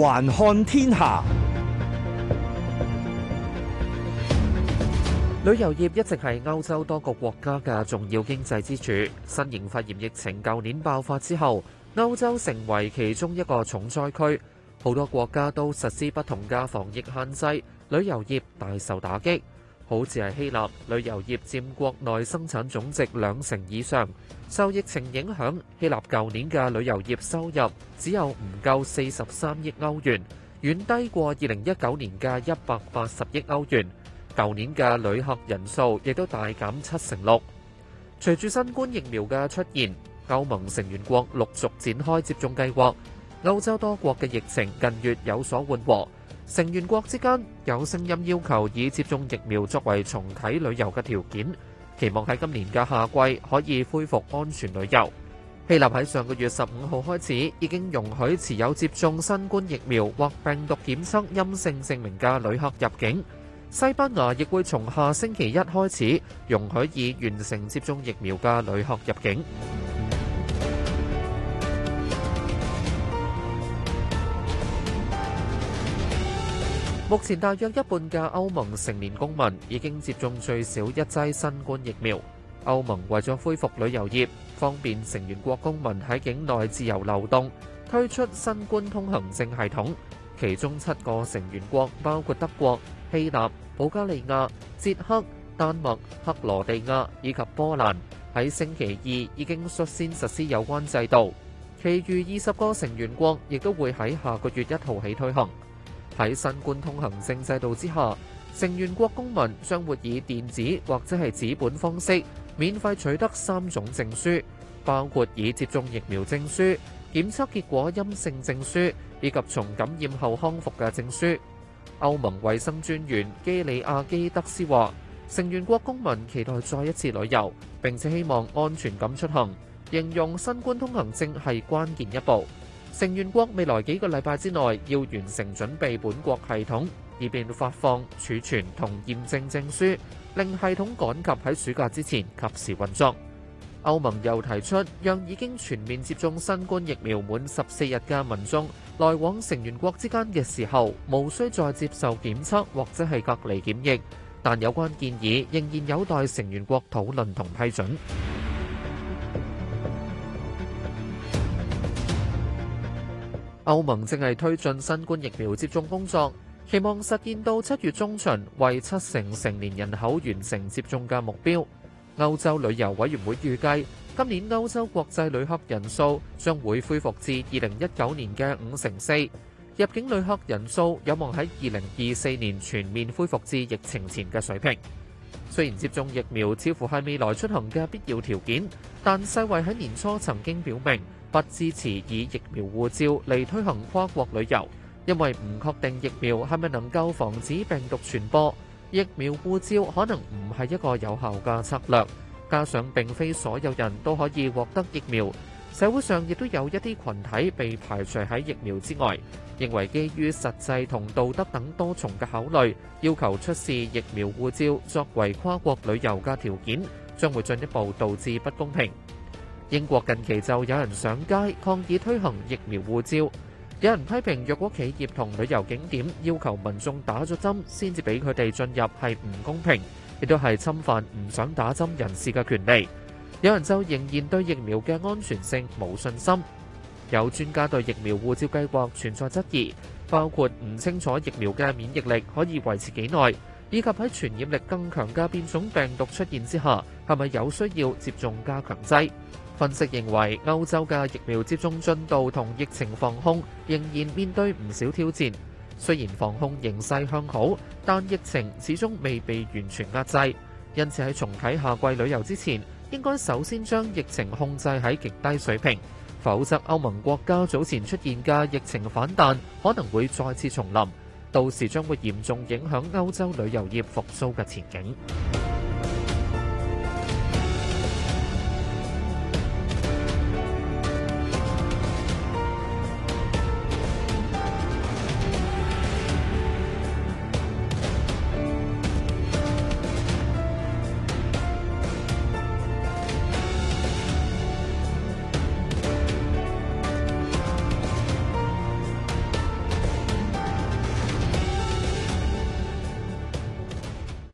環看天下，旅遊業一直係歐洲多個國家嘅重要經濟支柱。新型肺炎疫情舊年爆發之後，歐洲成為其中一個重災區，好多國家都實施不同嘅防疫限制，旅遊業大受打擊。好似係希臘旅遊業佔國內生產總值兩成以上，受疫情影響，希臘舊年嘅旅遊業收入只有唔夠四十三億歐元，遠低過二零一九年嘅一百八十億歐元。舊年嘅旅客人數亦都大減七成六。隨住新冠疫苗嘅出現，歐盟成員國陸續展開接種計劃，歐洲多國嘅疫情近月有所緩和。成員國之間有聲音要求以接種疫苗作為重啟旅遊嘅條件，期望喺今年嘅夏季可以恢復安全旅遊。希臘喺上個月十五號開始已經容許持有接種新冠疫苗或病毒檢測陰性證明嘅旅客入境。西班牙亦會從下星期一開始容許已完成接種疫苗嘅旅客入境目前大約一半嘅歐盟成年公民已經接種最少一劑新冠疫苗。歐盟為咗恢復旅遊業，方便成員國公民喺境內自由流動，推出新冠通行證系統。其中七個成員國包括德國、希臘、保加利亞、捷克、丹麥、克羅地亞以及波蘭，喺星期二已經率先實施有關制度，其餘二十個成員國亦都會喺下個月一號起推行。喺新冠通行證制度之下，成員國公民將會以電子或者係紙本方式免費取得三種證書，包括已接種疫苗證書、檢測結果陰性證書以及從感染後康復嘅證書。歐盟衞生專員基里亞基德斯話：成員國公民期待再一次旅遊，並且希望安全咁出行，形容新冠通行證係關鍵一步。成員國未來幾個禮拜之內要完成準備本國系統，以便發放儲存同驗證證書，令系統趕及喺暑假之前及時運作。歐盟又提出，讓已經全面接種新冠疫苗滿十四日嘅民眾，來往成員國之間嘅時候，無需再接受檢測或者係隔離檢疫。但有關建議仍然有待成員國討論同批准。歐盟正係推進新冠疫苗接種工作，期望實現到七月中旬，為七成成年人口完成接種嘅目標。歐洲旅遊委員會預計，今年歐洲國際旅客人數將會恢復至二零一九年嘅五成四，入境旅客人數有望喺二零二四年全面恢復至疫情前嘅水平。。雖然接種疫苗似乎係未來出行嘅必要條件，但世衛喺年初曾經表明，不支持以疫苗護照嚟推行跨國旅遊，因為唔確定疫苗係咪能夠防止病毒傳播，疫苗護照可能唔係一個有效嘅策略，加上並非所有人都可以獲得疫苗。社會上亦都有一啲群體被排除喺疫苗之外，認為基於實際同道德等多重嘅考慮，要求出示疫苗護照作為跨國旅遊嘅條件，將會進一步導致不公平。英國近期就有人上街抗議推行疫苗護照，有人批評若果企業同旅遊景點要求民眾打咗針先至俾佢哋進入係唔公平，亦都係侵犯唔想打針人士嘅權利。有人就仍然對疫苗嘅安全性冇信心，有專家對疫苗護照計劃存在質疑，包括唔清楚疫苗嘅免疫力可以維持幾耐，以及喺傳染力更強嘅變種病毒出現之下，係咪有需要接種加強劑？分析認為，歐洲嘅疫苗接種進度同疫情防控仍然面對唔少挑戰。雖然防控形勢向好，但疫情始終未被完全壓制，因此喺重啟夏季旅遊之前，應該首先將疫情控制喺極低水平，否則歐盟國家早前出現嘅疫情反彈可能會再次重臨，到時將會嚴重影響歐洲旅遊業復甦嘅前景。